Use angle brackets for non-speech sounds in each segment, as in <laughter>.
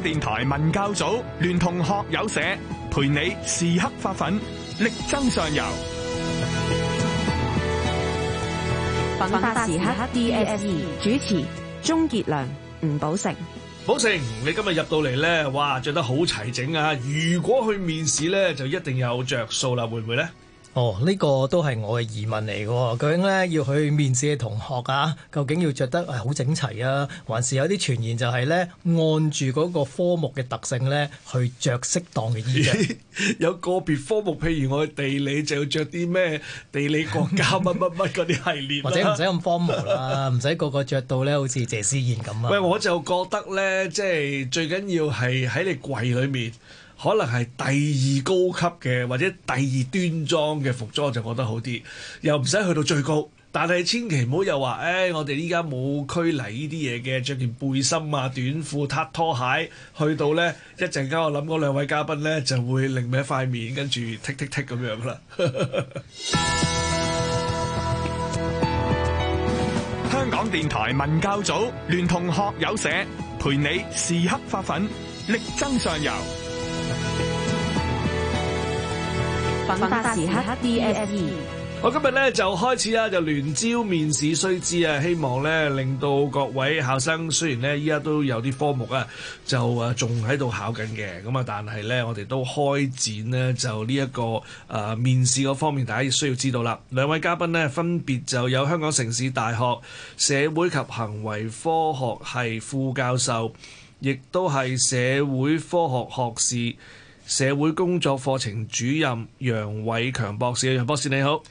電台文教組聯同學友社陪你時刻發奮，力爭上游。奮發時刻 DSE 主持鍾杰良、吳寶成。寶成，你今日入到嚟咧，哇，着得好齊整啊！如果去面試咧，就一定有着數啦，會唔會咧？哦，呢，這個都係我嘅疑問嚟嘅喎，究竟咧要去面試嘅同學啊，究竟要着得係好整齊啊？還是有啲傳言就係咧按住嗰個科目嘅特性咧去着適當嘅衣。有個別科目，譬如我地理就要着啲咩地理國家乜乜乜嗰啲系列。或者唔使咁荒謬啦，唔 <laughs> 使個個着到咧，好似謝思燕咁啊。喂，我就覺得咧，即係最緊要係喺你櫃裏面。可能係第二高級嘅，或者第二端莊嘅服裝，就覺得好啲，又唔使去到最高，但係千祈唔好又話，誒、哎，我哋依家冇拘泥呢啲嘢嘅，着件背心啊、短褲、撻拖鞋，去到呢一陣間，我諗嗰兩位嘉賓呢，就會令咩塊面跟住剔剔剔咁樣啦。呵呵，香港電台文教組聯同學友社，陪你時刻發奮，力爭上游。時刻 DSE，DF2 我今日咧就開始啦，就聯招面試須知啊，希望咧令到各位考生，雖然咧依家都有啲科目啊，就啊仲喺度考緊嘅，咁啊，但係咧我哋都開展呢，就呢、這、一個、呃、面試個方面，大家亦需要知道啦。兩位嘉賓咧分別就有香港城市大學社會及行為科學系副教授，亦都係社會科學學士。社會工作課程主任楊偉強博士，楊博士，你好。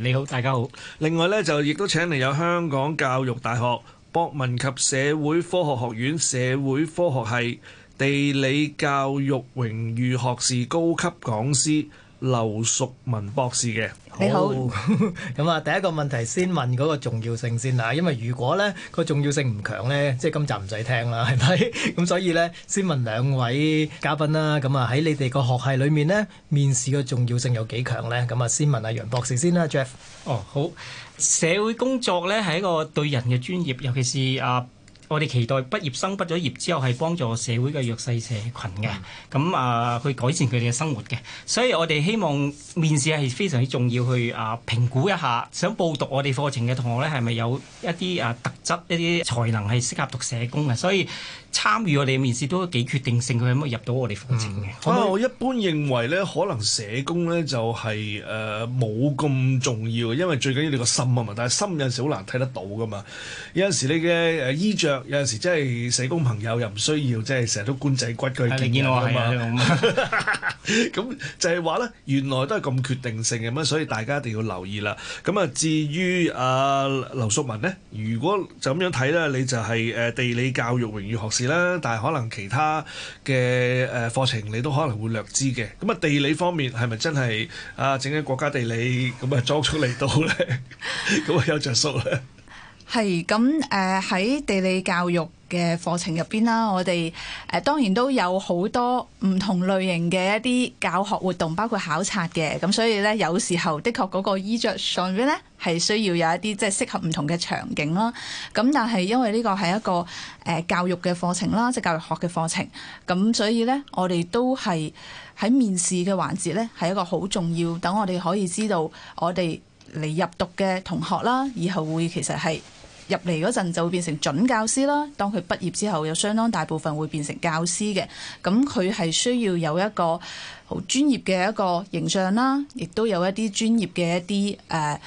你好，大家好。另外咧就亦都請嚟有香港教育大學博文及社會科學學院社會科學系地理教育榮譽學士高級講師劉淑雯博士嘅。你好，咁啊，第一個問題先問嗰個重要性先啊。因為如果咧、個重要性唔強咧，即係今集唔使聽啦，係咪？咁所以咧，先問兩位嘉賓啦，咁啊喺你哋個學系裏面咧，面試嘅重要性有幾強咧？咁啊，先問阿楊博士先啦，Jeff。哦，好，社會工作咧係一個對人嘅專業，尤其是啊。我哋期待畢業生畢咗業之後係幫助社會嘅弱勢社群嘅，咁、嗯、啊、呃、去改善佢哋嘅生活嘅。所以我哋希望面試係非常之重要，去啊、呃、評估一下想報讀我哋課程嘅同學咧，係咪有一啲啊、呃、特質、一啲才能係適合讀社工嘅？所以參與我哋面試都幾決定性佢嘅，可唔可以入到我哋課程嘅、嗯。啊，我一般認為咧，可能社工咧就係誒冇咁重要，因為最緊要你個心啊嘛。但係心有陣時好難睇得到噶嘛，有陣時你嘅誒衣著。有陣時真係社工朋友又唔需要，即係成日都官仔骨居見嘅嘛。咁 <laughs> <laughs> 就係話咧，原來都係咁決定性嘅，咁所以大家一定要留意啦。咁啊，至於阿劉淑雯呢，如果就咁樣睇呢，你就係地理教育榮譽學士啦，但係可能其他嘅課程你都可能會略知嘅。咁啊，地理方面係咪真係啊整嘅國家地理咁啊裝出嚟到呢？咁 <laughs> 啊 <laughs> 有着數咧？係咁，誒喺地理教育嘅課程入邊啦，我哋誒當然都有好多唔同類型嘅一啲教學活動，包括考察嘅，咁，所以咧有時候的確嗰個衣着上邊咧係需要有一啲即係適合唔同嘅場景啦。咁但係因為呢個係一個誒教育嘅課程啦，即係教育學嘅課程，咁所以咧我哋都係喺面試嘅環節咧係一個好重要，等我哋可以知道我哋嚟入讀嘅同學啦，以後會其實係。入嚟嗰陣就會變成準教師啦，當佢畢業之後，有相當大部分會變成教師嘅。咁佢係需要有一個好專業嘅一個形象啦，亦都有一啲專業嘅一啲誒、呃、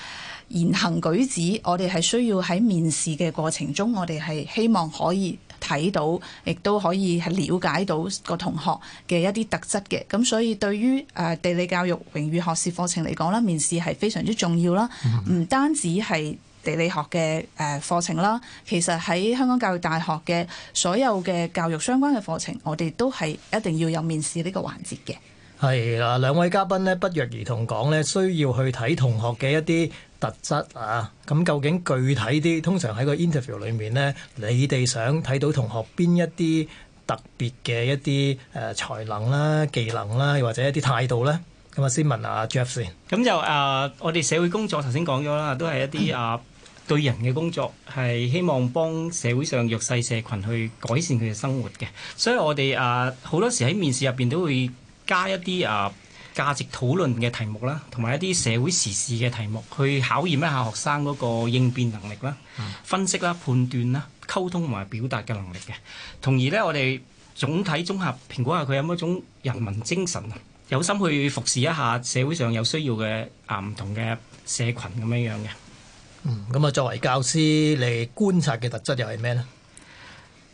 言行舉止。我哋係需要喺面試嘅過程中，我哋係希望可以睇到，亦都可以係了解到個同學嘅一啲特質嘅。咁所以對於誒地理教育榮譽學士課程嚟講啦，面試係非常之重要啦，唔單止係。地理學嘅誒課程啦，其實喺香港教育大學嘅所有嘅教育相關嘅課程，我哋都係一定要有面試呢個環節嘅。係啦，兩位嘉賓呢，不約而同講呢，需要去睇同學嘅一啲特質啊。咁究竟具體啲，通常喺個 interview 裡面呢，你哋想睇到同學邊一啲特別嘅一啲誒才能啦、技能啦，或者一啲態度呢？咁啊，先問下 Jeff 先。咁就誒、呃，我哋社會工作頭先講咗啦，都係一啲啊。嗯對人嘅工作係希望幫社會上弱勢社群去改善佢嘅生活嘅，所以我哋啊好多時喺面試入邊都會加一啲啊價值討論嘅題目啦，同埋一啲社會時事嘅題目去考驗一下學生嗰個應變能力啦、嗯、分析啦、判斷啦、溝通同埋表達嘅能力嘅，同而呢，我哋總體綜合評估下佢有冇一種人文精神啊，有心去服侍一下社會上有需要嘅啊唔同嘅社群咁樣樣嘅。嗯，咁啊，作為教師嚟觀察嘅特質又係咩呢？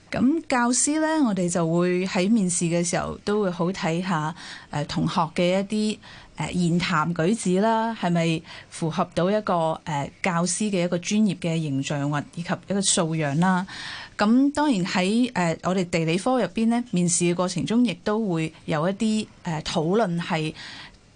咁教師呢，我哋就會喺面試嘅時候都會好睇下誒、呃、同學嘅一啲誒言談舉止啦，係咪符合到一個誒、呃、教師嘅一個專業嘅形象或以及一個素養啦？咁當然喺誒、呃、我哋地理科入邊呢，面試嘅過程中，亦都會有一啲誒討論係。呃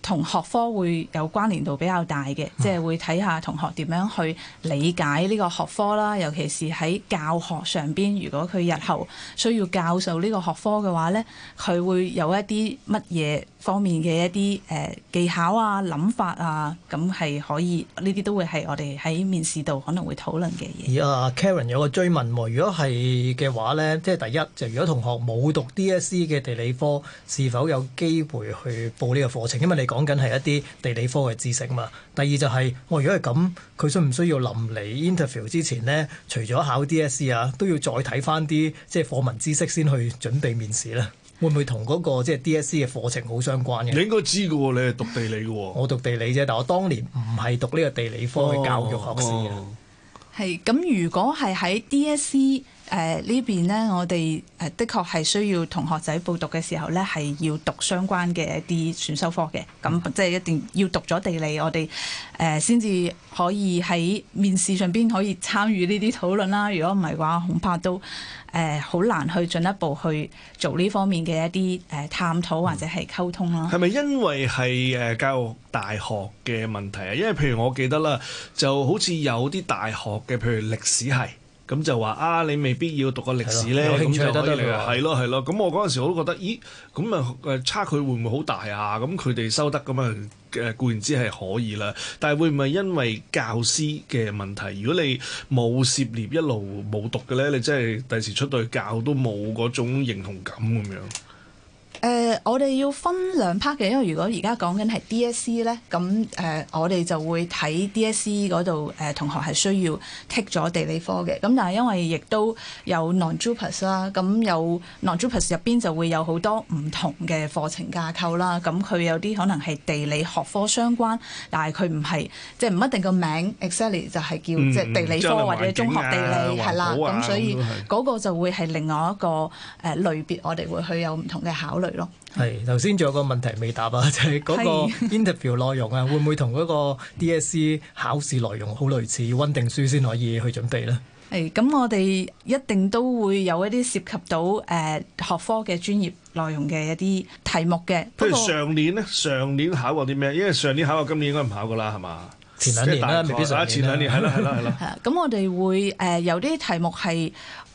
同學科會有關聯度比較大嘅，即係會睇下同學點樣去理解呢個學科啦，尤其是喺教學上邊，如果佢日後需要教授呢個學科嘅話呢，佢會有一啲乜嘢方面嘅一啲誒技巧啊、諗法啊，咁係可以。呢啲都會係我哋喺面試度可能會討論嘅嘢。而 Karen 有個追問，如果係嘅話呢，即係第一就如果同學冇讀 DSE 嘅地理科，是否有機會去報呢個課程？因為你講講緊係一啲地理科嘅知識嘛？第二就係、是，我、哦、如果係咁，佢需唔需要臨嚟 interview 之前呢？除咗考 DSE 啊，都要再睇翻啲即係課文知識先去準備面試咧？會唔會同嗰個即係 DSE 嘅課程好相關嘅？你應該知㗎，你係讀地理㗎。 <laughs> 我讀地理啫，但我當年唔係讀呢個地理科嘅教育學士。啊、哦。係、哦、咁，如果係喺 DSE。誒、呃、呢邊呢，我哋的確係需要同學仔報讀嘅時候呢，係要讀相關嘅一啲選修科嘅，咁即係一定要讀咗地理，我哋誒先至可以喺面試上邊可以參與呢啲討論啦。如果唔係嘅話，恐怕都呃、好難去進一步去做呢方面嘅一啲探討或者係溝通啦。係咪因為係教育大學嘅問題啊？因為譬如我記得啦，就好似有啲大學嘅，譬如歷史系。咁就話啊，你未必要讀個歷史咧，咁就興趣得得係咯係咯。咁我嗰陣時我都覺得，咦，咁啊差距會唔會好大啊？咁佢哋收得咁啊誒，固然之係可以啦。但係會唔會因為教師嘅問題，如果你冇涉獵一路冇讀嘅咧，你真係第時出到去教都冇嗰種認同感咁樣？誒、呃，我哋要分兩 part 嘅，因為如果而家講緊係 DSE 咧，咁、呃、誒我哋就會睇 DSE 嗰度誒同學係需要剔咗地理科嘅。咁但係因為亦都有 non-JUPAS 啦，咁有 non-JUPAS 入邊就會有好多唔同嘅課程架構啦。咁佢有啲可能係地理學科相關，但係佢唔係即係唔一定個名，exactly 就係叫即係、嗯就是、地理科、啊、或者中學地理係啦。咁所以嗰、那個、就會係另外一個誒類別，我哋會去有唔同嘅考慮。咯，係頭先仲有個問題未答啊，就係、是、嗰個 interview 內容啊，會唔會同嗰個 DSE 考試內容好類似，溫定書先可以去準備咧？係咁，我哋一定都會有一啲涉及到誒、呃、學科嘅專業內容嘅一啲題目嘅。譬如上年咧，上年考過啲咩？因為上年考過，今年應該唔考噶啦，係嘛？前兩年啦、啊，未必上、啊。前兩年係啦，係啦，係啦。係咁， <laughs> 我哋會誒、呃、有啲題目係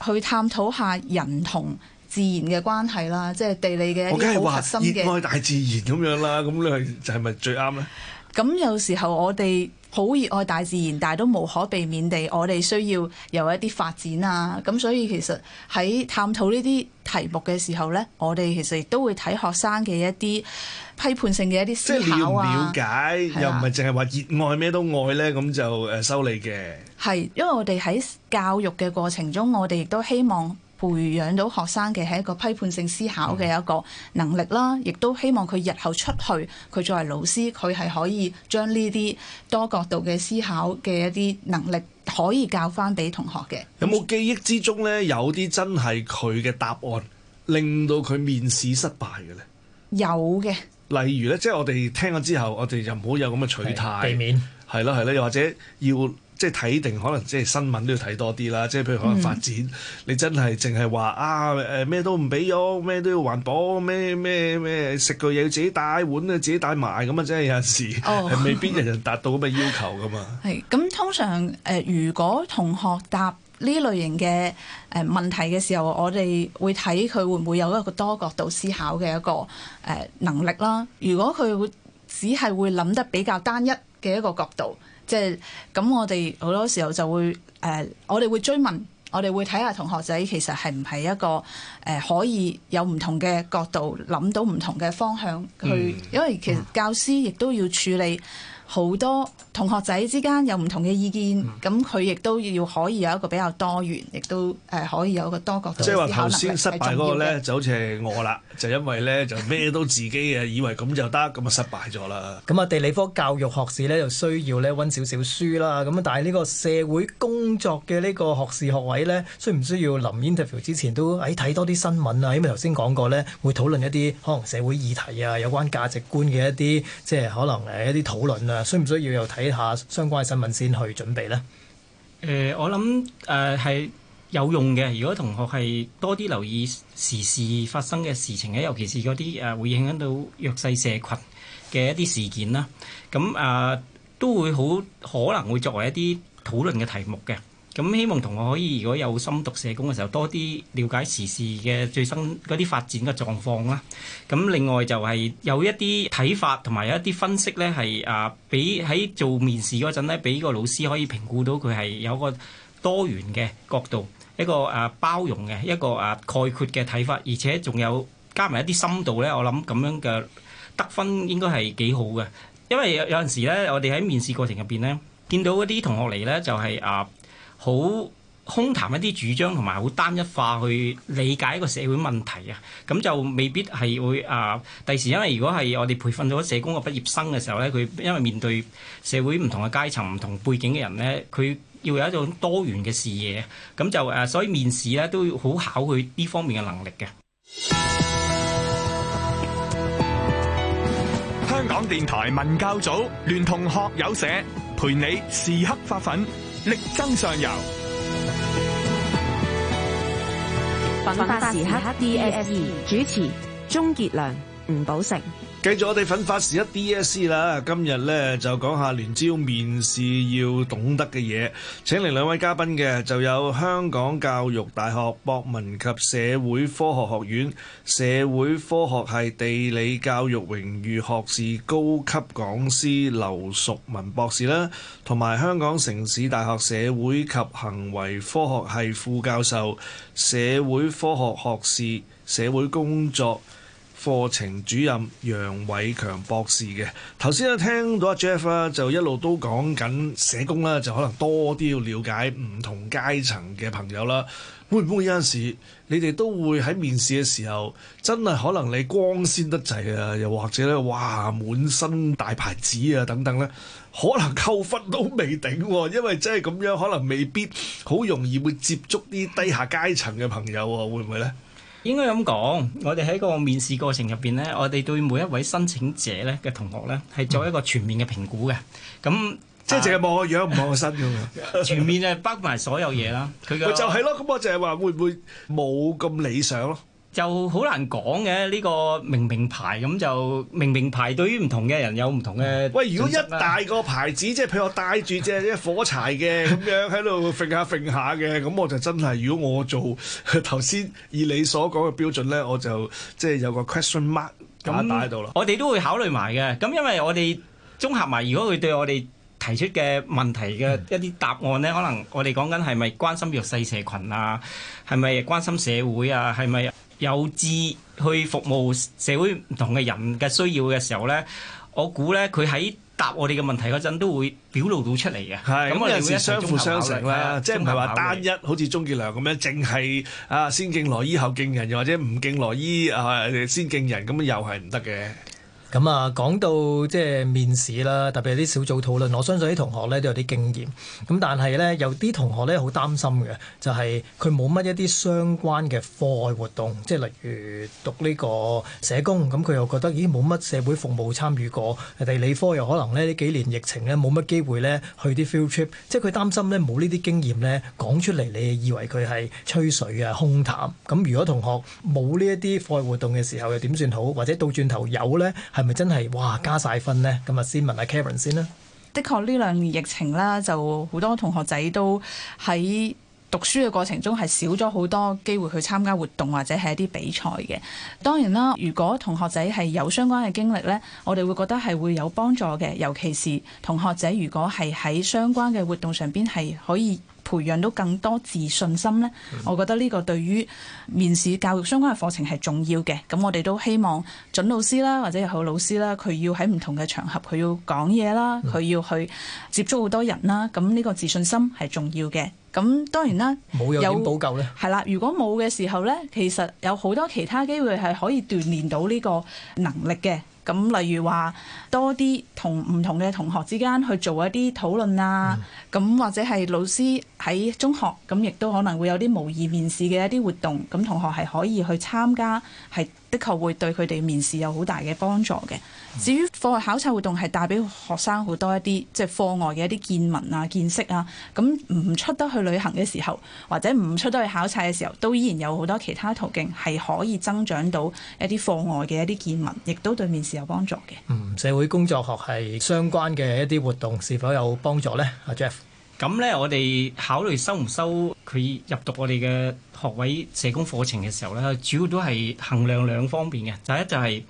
去探討下人同。自然嘅關係啦，即係地理嘅一啲好核心嘅，我梗係話熱愛大自然咁樣啦，咁你係係咪最啱咧？咁有時候我哋好熱愛大自然，但係都無可避免地，我哋需要有一啲發展啊。咁所以其實喺探討呢啲題目嘅時候咧，我哋其實亦都會睇學生嘅一啲批判性嘅一啲思考啊。即係你了唔了解，又唔係淨係話熱愛咩都愛咧，咁就誒收你嘅。係因為我哋喺教育嘅過程中，我哋亦都希望。培養到學生嘅係一個批判性思考嘅一個能力啦，亦、嗯、都希望佢日後出去，佢作為老師，佢係可以將呢啲多角度嘅思考嘅一啲能力，可以教翻俾同學嘅。有冇記憶之中呢？有啲真係佢嘅答案令到佢面試失敗嘅呢？有嘅，例如呢，即係我哋聽咗之後，我哋就唔好有咁嘅取態，避免係啦，係啦，又或者要。即係睇定，可能即係新聞都要睇多啲啦。即係譬如可能發展，嗯、你真係淨係話啊誒咩都唔俾用，咩都要環保，咩咩咩食個嘢要自己帶碗啊，自己帶埋咁啊，即係有時係未必人人達到咁嘅要求噶嘛。係、哦、咁， <laughs> 通常誒、呃，如果同學答呢類型嘅誒、呃、問題嘅時候，我哋會睇佢會唔會有一個多角度思考嘅一個誒、呃、能力啦。如果佢會只係會諗得比較單一嘅一個角度。即係咁，我哋好多時候就會、呃、我哋會追問，我哋會睇下同學仔其實係唔係一個、呃、可以有唔同嘅角度諗到唔同嘅方向去、嗯，因為其實教師亦都要處理好多。同學仔之間有唔同嘅意見，咁佢亦都要可以有一個比較多元，亦都誒可以有一個多角度嘅思考能力係重要嘅。即係話頭先失敗嗰個咧，就好似係我啦， <laughs> 就因為咧就咩都自己嘅， <laughs> 以為咁就得，咁啊，失敗咗啦。咁啊，地理科教育學士咧，就需要咧溫少少書啦。咁但係呢個社會工作嘅呢個學士學位咧，需唔需要臨 interview 之前都喺睇多啲新聞啊？因為頭先講過咧，會討論一啲可能社會議題啊，有關價值觀嘅一啲，即係可能誒一啲討論啊，需唔需要又睇？下相關嘅新聞先去準備咧、呃。我諗誒係有用嘅。如果同學係多啲留意時事發生嘅事情咧，尤其是嗰啲誒會影響到弱勢社群嘅一啲事件啦，咁、呃、啊都會好可能會作為一啲討論嘅題目嘅。咁希望同學可以如果有心讀社工嘅時候，多啲了解時事嘅最新嗰啲發展嘅狀況啦。咁另外就係有一啲睇法同埋有一啲分析呢，係啊，俾喺做面試嗰陣呢，俾個老師可以評估到佢係有個多元嘅角度，一個啊包容嘅一個啊概括嘅睇法，而且仲有加埋一啲深度呢，我諗咁樣嘅得分應該係幾好嘅，因為有有陣時呢，我哋喺面試過程入邊呢，見到嗰啲同學嚟呢，就係、是、啊～好空談一啲主張同埋好單一化去理解一個社會問題啊，咁就未必係會啊。第時因為如果係我哋培訓咗社工嘅畢業生嘅時候咧，佢因為面對社會唔同嘅階層、唔同背景嘅人咧，佢要有一種多元嘅視野，咁就誒，所以面試咧都要好考佢呢方面嘅能力嘅。香港電台文教組聯同學友社，陪你時刻發奮。力爭上游，奮發時刻 DSE 主持：鍾傑良、吳寶成。繼續我哋奮發時一 DSC 啦，今日咧就講下聯招面試要懂得嘅嘢。請嚟兩位嘉賓嘅，就有香港教育大學博文及社會科學學院社會科學系地理教育榮譽學士、高級講師劉淑雯博士啦，同埋香港城市大學社會及行為科學系副教授、社會科學學士、社會工作。課程主任楊偉強博士嘅頭先咧，剛才聽到阿 Jeff 就一路都講緊社工啦，就可能多啲要了解唔同階層嘅朋友啦。會唔會有陣時你哋都會喺面試嘅時候，真係可能你光鮮得滯啊，又或者咧，哇滿身大牌子啊等等呢，可能扣分都未定，因為真係咁樣可能未必好容易會接觸啲低下階層嘅朋友喎，會唔會呢？應該咁講，我哋喺個面試過程入邊咧，我哋對每一位申請者咧嘅同學咧，係作一個全面嘅評估嘅。咁即係淨係望個樣唔望個身咁啊！全面係包埋所有嘢啦。佢嘅就係咯，咁我就係話會唔會冇咁理想咯？就好難講嘅呢個明明牌，咁就明明牌，名名牌對於唔同嘅人有唔同嘅。喂，如果一大個牌子，即 <laughs> 係譬如我戴住隻火柴嘅咁 <laughs> 樣喺度揈下揈下嘅，咁我就真係，如果我做頭先以你所講嘅標準咧，我就即係、就是、有個 question mark 打喺度啦。我哋都會考慮埋嘅，咁因為我哋綜合埋，如果佢對我哋提出嘅問題嘅、嗯、一啲答案咧，可能我哋講緊係咪關心弱勢社群啊，係咪關心社會啊，係咪？有志去服務社會唔同嘅人嘅需要嘅時候咧，我估咧佢喺答我哋嘅問題嗰陣都會表露到出嚟嘅。係咁有時我哋會相輔相成啦，即係唔係話單一好似鍾傑良咁樣，淨係啊先敬羅衣後敬人，又或者唔敬羅衣啊先敬人，咁又係唔得嘅。咁啊，講到即係面試啦，特別係啲小組討論，我相信啲同學呢都有啲經驗。咁但係呢，有啲同學呢好擔心嘅，就係佢冇乜一啲相關嘅課外活動，即係例如讀呢個社工，咁佢又覺得咦，冇乜社會服務參與過。地理科又可能呢呢幾年疫情呢冇乜機會呢去啲 field trip，即係佢擔心呢冇呢啲經驗呢講出嚟，你以為佢係吹水啊，空談。咁如果同學冇呢一啲課外活動嘅時候，又點算好？或者倒轉頭有呢。係咪真係哇加晒分呢？咁啊，先問下 Karen 先啦。的確呢兩年疫情啦，就好多同學仔都喺讀書嘅過程中係少咗好多機會去參加活動或者係一啲比賽嘅。當然啦，如果同學仔係有相關嘅經歷呢，我哋會覺得係會有幫助嘅。尤其是同學仔如果係喺相關嘅活動上邊係可以。培養到更多自信心呢，我覺得呢個對於面試教育相關嘅課程係重要嘅。咁我哋都希望準老師啦，或者有好老師啦，佢要喺唔同嘅場合，佢要講嘢啦，佢、嗯、要去接觸好多人啦。咁呢個自信心係重要嘅。咁當然啦，冇又點補救呢？係啦，如果冇嘅時候呢，其實有好多其他機會係可以鍛鍊到呢個能力嘅。咁例如話。多啲同唔同嘅同學之間去做一啲討論啊，咁、嗯、或者係老師喺中學咁，亦都可能會有啲模擬面試嘅一啲活動，咁同學係可以去參加，係的確會對佢哋面試有好大嘅幫助嘅、嗯。至於課外考察活動係帶俾學生好多一啲即係課外嘅一啲見聞啊、見識啊，咁唔出得去旅行嘅時候，或者唔出得去考察嘅時候，都依然有好多其他途徑係可以增長到一啲課外嘅一啲見聞，亦都對面試有幫助嘅。嗯。佢工作學係相關嘅一啲活動，是否有幫助咧？阿 Jeff，咁咧我哋考慮收唔收佢入讀我哋嘅學位社工課程嘅時候咧，主要都係衡量兩方面嘅。第一就係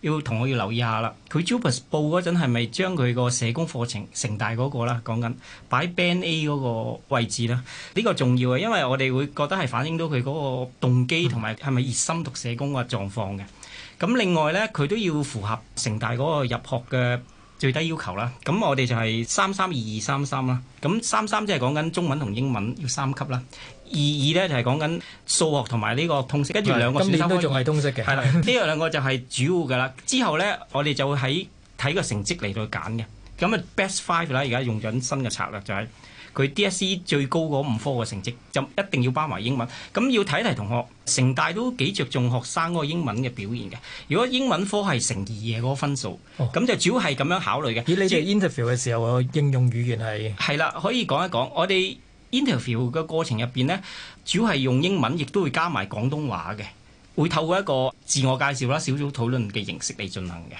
要同我要留意下啦，佢 jobus 報嗰陣係咪將佢個社工課程成大嗰個啦，講緊擺 ban A 嗰個位置啦，呢、這個重要嘅，因為我哋會覺得係反映到佢嗰個動機同埋係咪熱心讀社工嘅狀況嘅。咁另外咧，佢都要符合成大嗰個入學嘅最低要求啦。咁我哋就係三三二二三三啦。咁三三即係講緊中文同英文要三級啦。二二咧就係講緊數學同埋呢個通識。跟住兩個選今年都仲係通識嘅。係啦，呢兩個就係主要噶啦。 <laughs> 之後咧，我哋就會喺睇個成績嚟到揀嘅。咁啊，best five 啦，而家用緊新嘅策略就係、是。佢 DSE 最高嗰五科嘅成績，就一定要包埋英文。咁要睇一睇同學，城大都幾着重學生嗰個英文嘅表現嘅。如果英文科係成二嘅嗰個分數，咁、哦、就主要係咁樣考慮嘅。以你即 interview 嘅時候，應用語言係係啦，可以講一講我哋 interview 嘅過程入邊咧，主要係用英文，亦都會加埋廣東話嘅，會透過一個自我介紹啦、小組討論嘅形式嚟進行嘅。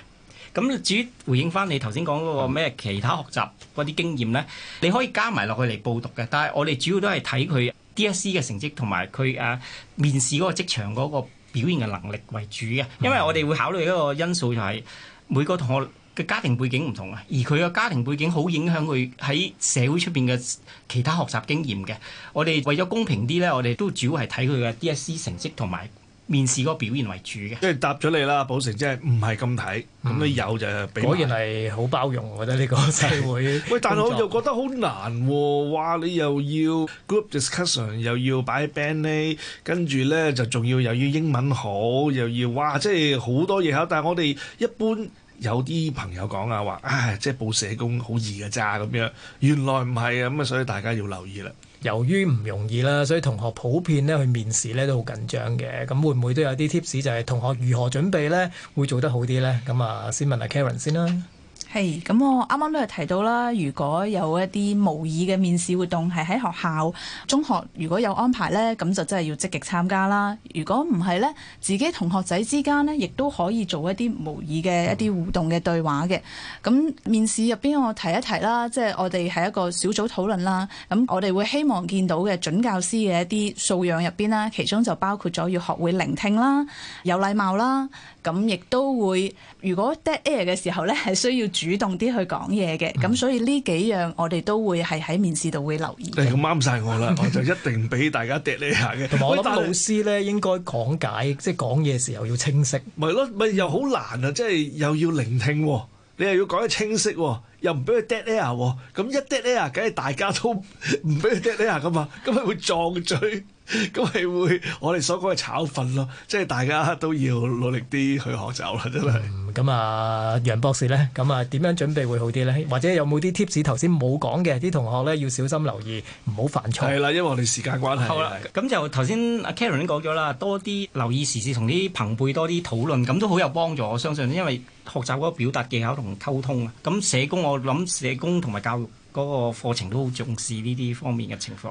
咁至於回應翻你頭先講嗰個咩其他學習嗰啲經驗咧、嗯，你可以加埋落去嚟報讀嘅。但係我哋主要都係睇佢 DSE 嘅成績同埋佢誒面試嗰個職場嗰個表現嘅能力為主嘅。因為我哋會考慮一個因素就係每個同學嘅家庭背景唔同啊，而佢嘅家庭背景好影響佢喺社會出邊嘅其他學習經驗嘅。我哋為咗公平啲咧，我哋都主要係睇佢嘅 DSE 成績同埋，面試嗰個表現為主嘅，即係答咗你啦，寶成，即係唔係咁睇，咁、嗯、你有就俾。果然係好包容，我覺得呢個社會。喂， <laughs> 但係我又覺得好難喎、啊，哇！你又要 group discussion，又要擺 band 裏，跟住咧就仲要又要英文好，又要哇，即係好多嘢啊！但係我哋一般有啲朋友講啊，話唉，即係報社工好易㗎咋咁樣，原來唔係啊咁啊，所以大家要留意啦。由於唔容易啦，所以同學普遍咧去面試咧都好緊張嘅。咁會唔會都有啲 tips 就係、是、同學如何準備咧會做得好啲咧？咁啊，先問下 Karen 先啦。咁、係,我啱啱都係提到啦。如果有一啲模擬嘅面試活動係喺學校、中學，如果有安排呢，咁就真係要積極參加啦。如果唔係呢，自己同學仔之間呢，亦都可以做一啲模擬嘅一啲互動嘅對話嘅。咁面試入邊，我提一提啦，即係我哋係一個小組討論啦。咁我哋會希望見到嘅準教師嘅一啲素養入邊啦，其中就包括咗要學會聆聽啦、有禮貌啦。咁亦都會，如果 dead air 嘅時候呢，係需要。主動啲去講嘢嘅，咁所以呢幾樣我哋都會係喺面試度會留意。咁啱曬我啦，我就一定俾大家 dead air 嘅。同埋我諗老師咧應該講解，即係講嘢時候要清晰。咪咯，咪又好難啊！即係又要聆聽，你又要講得清晰，又唔俾佢 dead air。咁一 dead air，梗係大家都唔俾佢 dead air 噶嘛，咁咪會撞嘴。咁 <laughs> 係會，我哋所講嘅炒粉咯，即係大家都要努力啲去學習啦，真係。咁、嗯、啊，楊博士呢，咁啊點樣準備會好啲呢？或者有冇啲 tips 頭先冇講嘅啲同學呢，要小心留意，唔好犯錯。係啦，因為我哋時間關係。好啦，咁就頭先阿 Karen 都講咗啦，多啲留意時事，同啲朋輩多啲討論，咁都好有幫助。我相信，因為學習嗰個表達技巧同溝通啊。咁社工我諗社工同埋教育，嗰、那個課程都好重視呢啲方面嘅情況，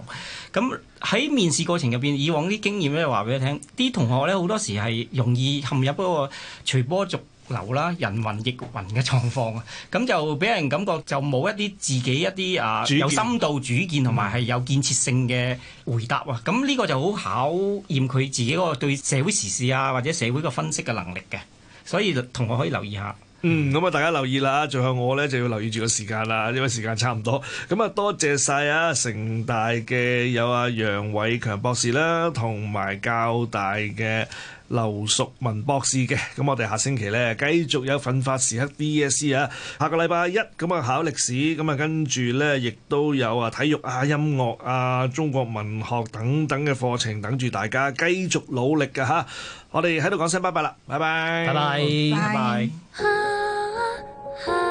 咁喺面試過程入邊，以往啲經驗咧話俾你聽，啲同學咧好多時係容易陷入嗰個隨波逐流啦、人云亦云嘅狀況啊，咁就俾人感覺就冇一啲自己一啲啊有深度主見同埋係有建設性嘅回答喎，咁呢個就好考驗佢自己嗰個對社會時事啊或者社會嘅分析嘅能力嘅，所以同學可以留意下。嗯，咁啊大家留意啦，最後我呢就要留意住個時間啦，因為時間差唔多。咁啊多謝晒啊城大嘅有啊，楊偉強博士啦，同埋教大嘅。劉淑雯博士嘅，咁我哋下星期咧，繼續有奮發時刻 BSC 啊，下個禮拜一咁啊考歷史，咁啊跟住咧，亦都有啊體育啊、音樂啊、中國文學等等嘅課程等住大家繼續努力噶吓，我哋喺度講聲拜拜啦，拜拜，拜拜，拜拜。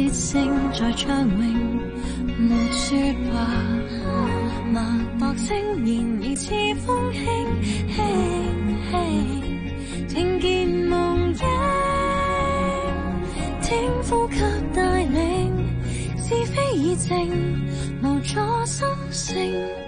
笛聲在暢泳，沒說話，脈搏聲，然而似風輕輕輕，聽見夢影，聽呼吸帶領，是非已靜，無阻心聲。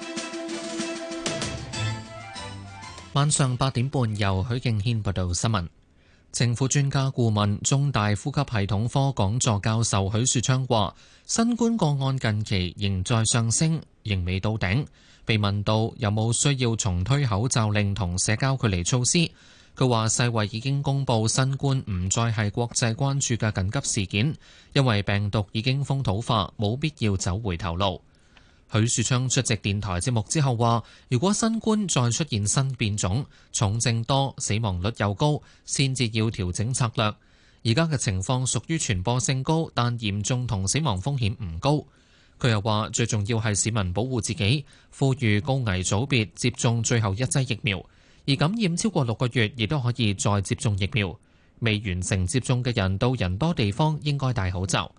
晚上八點半，由許敬軒報道新聞。政府專家顧問、中大呼吸系統科講座教授許樹昌話，新冠個案近期仍在上升，仍未到頂。被問到有冇需要重推口罩令同社交距離措施，佢話世衛已經公布新冠唔再係國際關注嘅緊急事件，因為病毒已經風土化，冇必要走回頭路。許樹昌出席電台節目之後話，如果新冠再出現新變種，重症多、死亡率又高，先至要調整策略。而家嘅情況屬於傳播性高，但嚴重同死亡風險唔高。佢又話，最重要係市民保護自己，呼籲高危組別接種最後一劑疫苗，而感染超過六個月亦都可以再接種疫苗。未完成接種嘅人到人多地方應該戴口罩。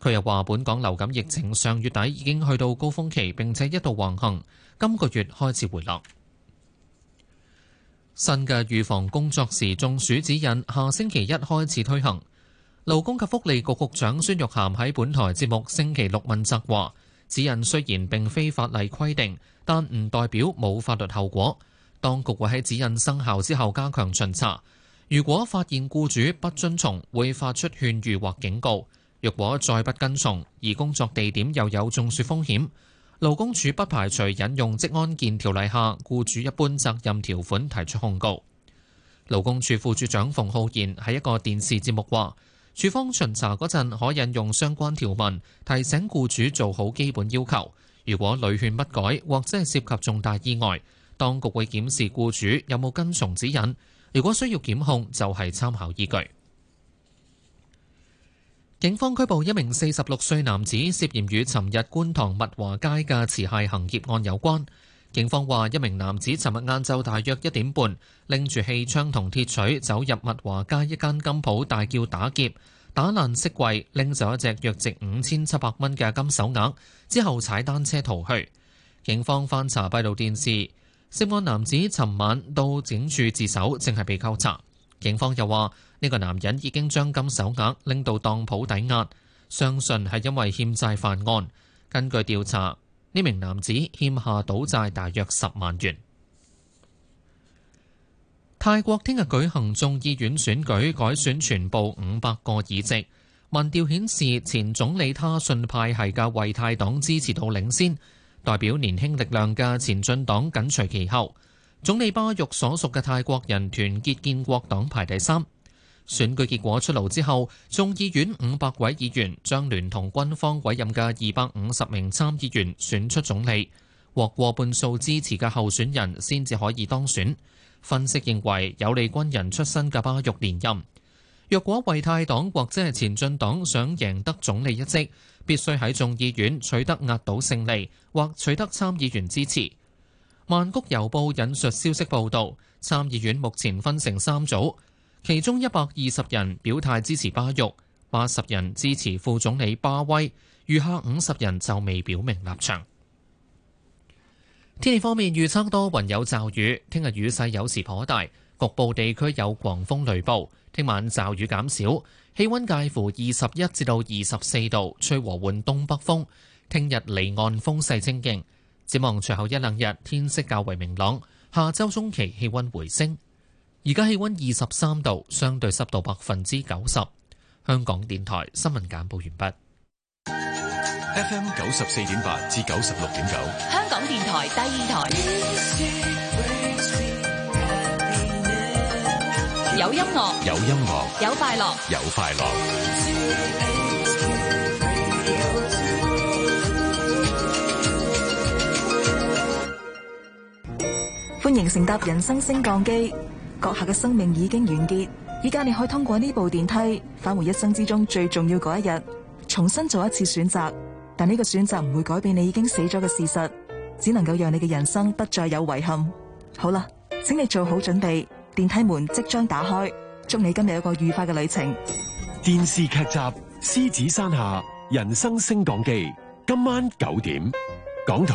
佢又話：本港流感疫情上月底已經去到高峰期，並且一度橫行，今個月開始回落。新嘅預防工作時中暑指引下星期一開始推行。勞工及福利局局長孫玉菡喺本台節目星期六問責話：指引雖然並非法例規定，但唔代表冇法律後果。當局會喺指引生效之後加強巡查，如果發現雇主不遵從，會發出勸喻或警告。若果再不跟從而工作地點又有中暑風險，勞工處不排除引用《職安健條例》下雇主一般責任條款提出控告。勞工處副處長馮浩然喺一個電視節目話處方巡查嗰陣可引用相關條文，提醒雇主做好基本要求。如果屢勸不改，或者係涉及重大意外，當局會檢視雇主有冇跟從指引。如果需要檢控，就係參考依據。警方拘捕一名四十六歲男子，涉嫌與尋日觀塘物華街嘅持械行劫案有關。警方話，一名男子尋日晏晝大約一點半，拎住氣槍同鐵錘走入物華街一間金鋪，大叫打劫，打爛飾櫃，拎走一隻約值五千七百蚊嘅金手鐲，之後踩單車逃去。警方翻查閉路電視，涉案男子尋晚到警署自首，正係被扣查。警方又話：呢個男人已經將金手鐲拎到當鋪抵押，相信係因為欠債犯案。根據調查，呢名男子欠下賭債大約十萬元。泰國聽日舉行眾議院選舉，改選全部五百個議席。民調顯示，前總理他信派系嘅為泰黨支持度領先，代表年輕力量嘅前進黨緊隨其後。總理巴育所屬嘅泰國人團結建國黨排第三。選舉結果出爐之後，眾議院五百位議員將聯同軍方委任嘅二百五十名參議員選出總理，獲過半數支持嘅候選人先至可以當選。分析認為，有利軍人出身嘅巴育連任。若果為泰黨或者係前進黨想贏得總理一職，必須喺眾議院取得壓倒勝利，或取得參議員支持。《曼谷郵報》引述消息報道，參議院目前分成三組，其中一百二十人表態支持巴育，八十人支持副總理巴威，餘下五十人就未表明立場。天氣方面預測多雲有驟雨，聽日雨勢有時頗大，局部地區有狂風雷暴。聽晚驟雨減少，氣温介乎二十一至到二十四度，吹和緩東北風。聽日離岸風勢清勁。展望隨後一兩日，天色較為明朗。下周中期氣溫回升，而家氣溫二十三度，相對濕度百分之九十。香港電台新聞簡報完畢。FM 九十四點八至九十六點九，香港電台第二台，有音樂，有音樂，有快樂，有快樂。歡迎乘搭人生升降機，閣下嘅生命已經完結，依家你可以通過呢部電梯返回一生之中最重要嗰一日，重新做一次選擇。但呢個選擇唔會改變你已經死咗嘅事實，只能夠讓你嘅人生不再有遺憾。好啦，請你做好準備，電梯門即將打開。祝你今日有個愉快嘅旅程。電視劇集《獅子山下》《人生升降機》，今晚九點，港台。